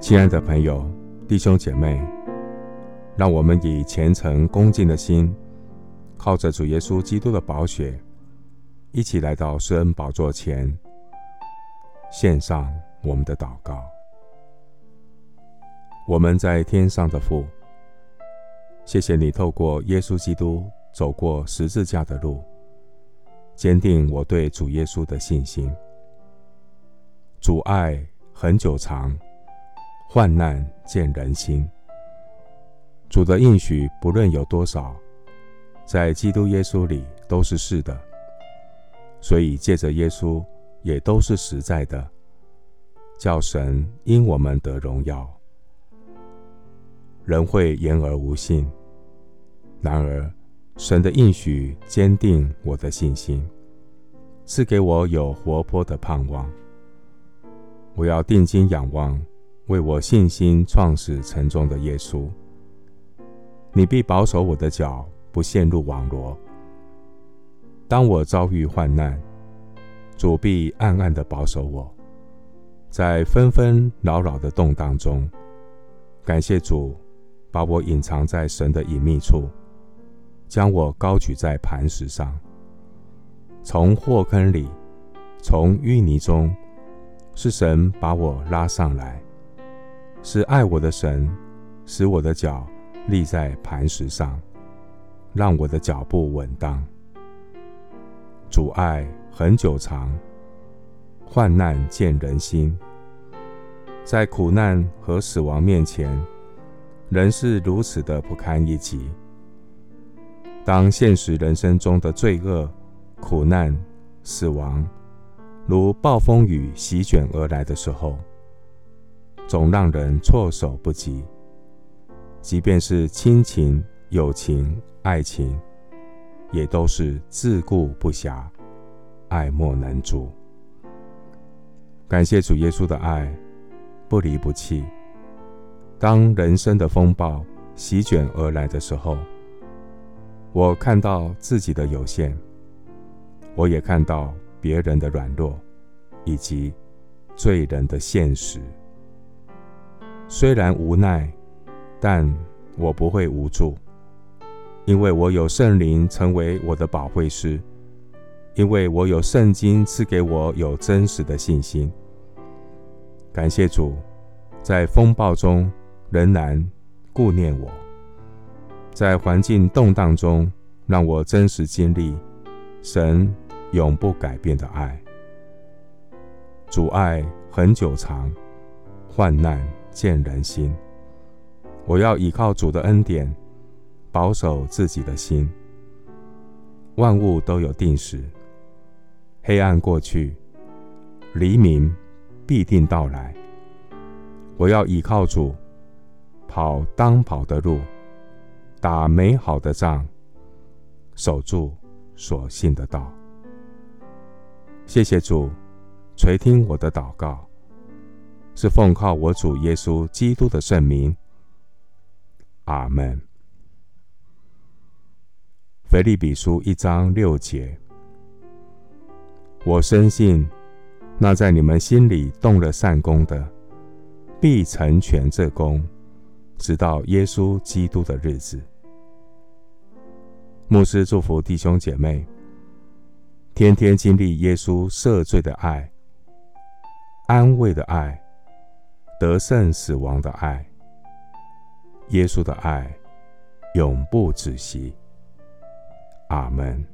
親愛的朋友、弟兄姐妹，讓我們以虔誠恭敬的心，靠着主耶穌基督的寶血，一起來到施恩寶座前，獻上我們的禱告。我們在天上的父，謝謝你透過耶穌基督走過十字架的路，堅定我對主耶穌的信心。主愛恆久長。患難見人心。主的應許不論有多少，在基督耶穌裡都是是的，所以借着耶穌也都是實在的，叫神因我們得榮耀。人會言而無信，然而神的應許堅定我的信心，賜給我有活潑的盼望。我要定睛仰望。為我信心創始成終的耶穌，你必保守我的腳不陷入網羅。當我遭遇患難，主必暗暗的保守我。在紛紛擾擾的動盪中，感謝主把我隱藏在神的隱秘處，將我高舉在磐石上，從禍坑裡，從淤泥中，是神把我拉上來。是愛我的神，使我的腳立在磐石上，讓我的腳步穩當。主愛恆久長，患難見人心。在苦難和死亡面前，人是如此的不堪一擊。當現實人生中的罪惡、苦難、死亡如暴風雨席卷而來的時候，總讓人措手不及，即便是親情、友情、愛情，也都是自顧不暇，愛莫能助。感謝主耶穌的愛，不離不棄。當人生的風暴席卷而來的時候，我看到自己的有限，我也看到別人的軟弱，以及罪人的現實。雖然無奈，但我不會無助，因為我有聖靈成為我的保惠師，因為我有聖經賜給我有真實的信心。感謝主，在風暴中仍然顧念我，在環境動盪中讓我真實經歷神永不改變的愛。主愛恆久長，患難，見人心，我要依靠主的恩典，保守自己的心。萬物都有定時，黑暗過去，黎明必定到來。我要依靠主，跑當跑的路，打美好的仗，守住所信的道。謝謝主，垂聽我的禱告。是奉靠我主耶穌基督的聖名，阿門。腓立比書一章六節，我深信那在你們心裡動了善工的，必成全這工，直到耶穌基督的日子。牧師祝福弟兄姐妹，天天經歷耶穌赦罪的愛、安慰的愛。得勝死亡的愛，耶穌的愛永不止息。阿門。